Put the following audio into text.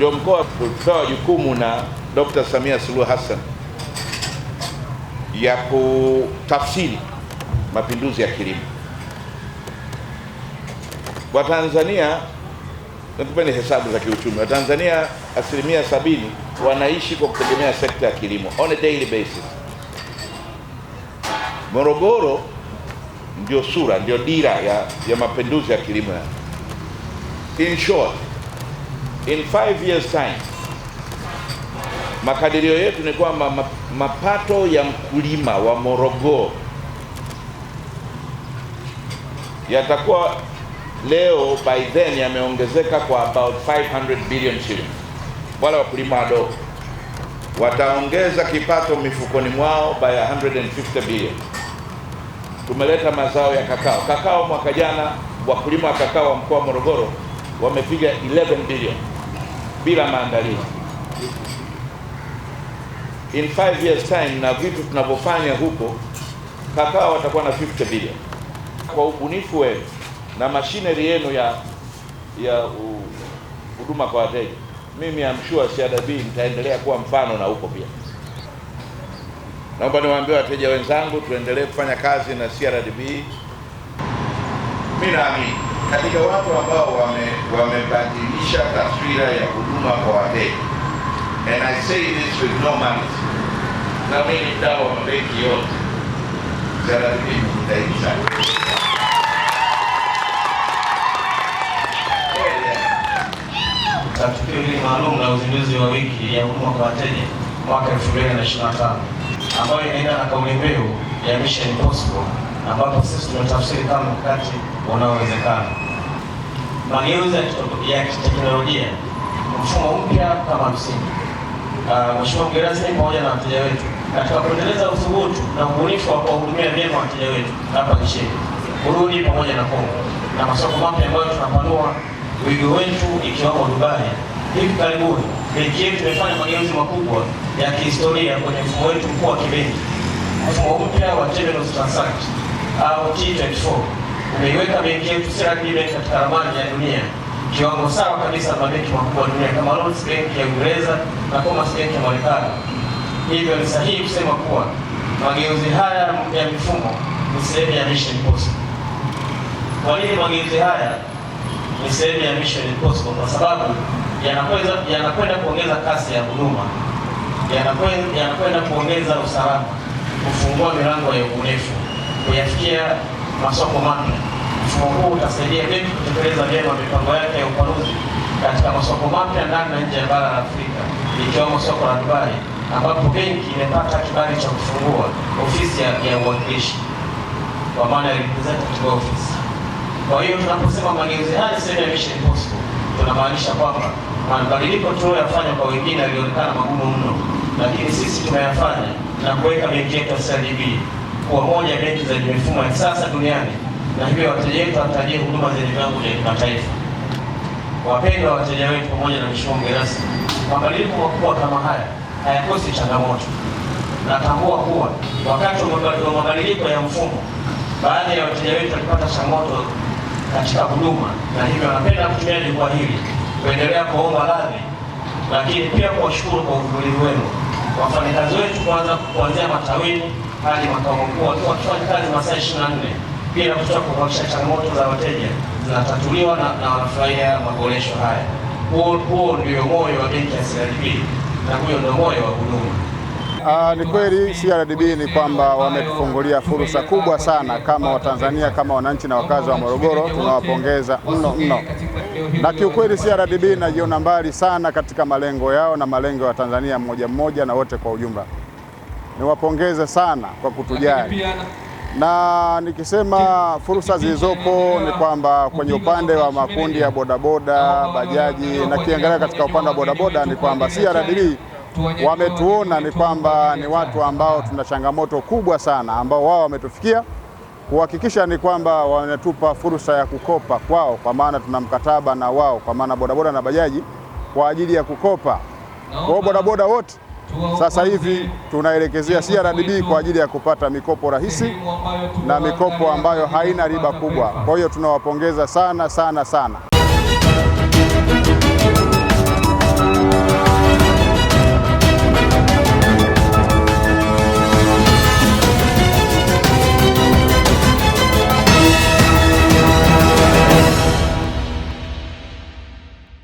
ndio mkoa tupewa jukumu na Dr. Samia Suluhu Hassan ya kutafsiri mapinduzi ya kilimo Watanzania. Nakupeni hesabu za kiuchumi. Watanzania asilimia sabini wanaishi kwa kutegemea sekta ya kilimo on a daily basis. Morogoro ndio sura, ndio dira ya, ya mapinduzi ya kilimo in short in five years time, makadirio yetu ni kwamba mapato ya mkulima wa Morogoro yatakuwa leo by then yameongezeka kwa about 500 billion shillings. Wale wakulima wadogo wataongeza kipato mifukoni mwao by 150 billion. Tumeleta mazao ya kakao. Kakao mwaka jana wakulima wa kakao wa mkoa wa Morogoro wamepiga 11 billion bila maandalizi. In 5 years time, na vitu tunavyofanya huko kakao watakuwa na 50 billion. Kwa ubunifu wenu na mashineri yenu ya ya huduma kwa wateja, mimi am sure CRDB mtaendelea kuwa mfano na huko pia. Naomba niwaambie wateja wenzangu, tuendelee kufanya kazi na CRDB. Mimi naamini katika watu ambao wamebadilisha wame taswira ya huduma kwa wateja, and I say this with no malice. Na mimi ni mdau wa mabenki yote, serikali sana tukio hili maalum la uzinduzi wa wiki ya huduma kwa wateja mwaka 2025 ambayo inaenda na kauli mbiu ya Mission Possible, ambapo sisi tunatafsiri kama mkakati unaowezekana mageuzi ya kiteknolojia, mfumo mpya kama msingi. Ah, Mheshimiwa mgeni rasmi pamoja na wateja wetu katika kuendeleza uthubutu na ubunifu wa kuwahudumia vyema wateja wetu hapa nchini Burundi pamoja na Kongo na masoko mapya ambayo tunapanua wigo wetu ikiwamo Dubai. Hivi karibuni benki yetu imefanya mageuzi makubwa ya kihistoria kwenye mfumo wetu mkuu wa kibenki, mfumo mpya wa terminal transaction au T24 umeiweka benki yetu CRDB katika ramani ya dunia kiwango sawa kabisa na benki makubwa dunia kama Lloyds Bank ya Uingereza na Commerce Bank ya Marekani. Hivyo ni sahihi kusema kuwa mageuzi haya ya mifumo ni sehemu ya Mission Impossible. Kwa nini mageuzi haya ni sehemu ya Mission Impossible? Kwa sababu yanakwenda yanakwenda kuongeza kasi ya huduma, yanakwenda yanakwenda kuongeza usalama, kufungua milango ya ubunifu, kuyafikia masoko mapya. Mfumo huu utasaidia benki kutekeleza vyema mipango yake ya upanuzi katika masoko mapya ndani na nje ya bara la Afrika, ikiwemo soko la Dubai ambapo benki imepata kibali cha kufungua ofisi ya uwakilishi kwa maana ya representative office. Kwa hiyo tunaposema mageuzi haya sehemu ya mission possible, tunamaanisha kwamba mabadiliko tunayoyafanya kwa wengine yalionekana magumu mno, lakini sisi tumeyafanya na kuweka benki yetu ya CRDB kuwa moja benki zenye mifumo ya kisasa duniani na hivyo wateja wetu watarajia huduma zenye viwango vya kimataifa. Wapendwa wateja wetu, pamoja na mheshimiwa mgeni rasmi, mabadiliko makubwa kama haya hayakosi changamoto. Natambua kuwa wakati wa mabadiliko ya mfumo, baadhi ya wateja wetu walipata changamoto katika huduma, na hivyo wanapenda kutumia jukwaa hili kuendelea kuomba radhi, lakini pia kuwashukuru kwa uvumilivu wenu wafanyakazi wetu, kwanza kuanzia matawini hadi makao makuu wakiwa wakifanya kazi masaa ishirini na nne pia kutoka kuhakikisha changamoto za wateja zinatatuliwa na, na wanafurahia maboresho haya. Huo ndio moyo wa benki ya CRDB na huyo ndio moyo wa huduma. Uh, ni kweli CRDB ni kwamba wametufungulia fursa kubwa sana kama Watanzania, kama wananchi na wakazi wa Morogoro, tunawapongeza mno mno, na kiukweli CRDB inajiona mbali sana katika malengo yao na malengo ya Tanzania mmoja mmoja na wote kwa ujumla niwapongeze sana kwa kutujali, na nikisema fursa zilizopo ni kwamba kwenye upande wa makundi ya bodaboda, bajaji na kiangalia katika upande wa bodaboda ni kwamba CRDB wametuona ni kwamba ni watu ambao tuna changamoto kubwa sana, ambao wao wametufikia kuhakikisha ni kwamba wametupa fursa ya kukopa kwao, kwa maana tuna mkataba na wao, kwa maana bodaboda na bajaji kwa ajili ya kukopa kwao bodaboda wote sasa hivi tunaelekezea CRDB kwa ajili ya kupata mikopo rahisi na mikopo ambayo haina riba kubwa. Kwa hiyo tunawapongeza sana sana sana.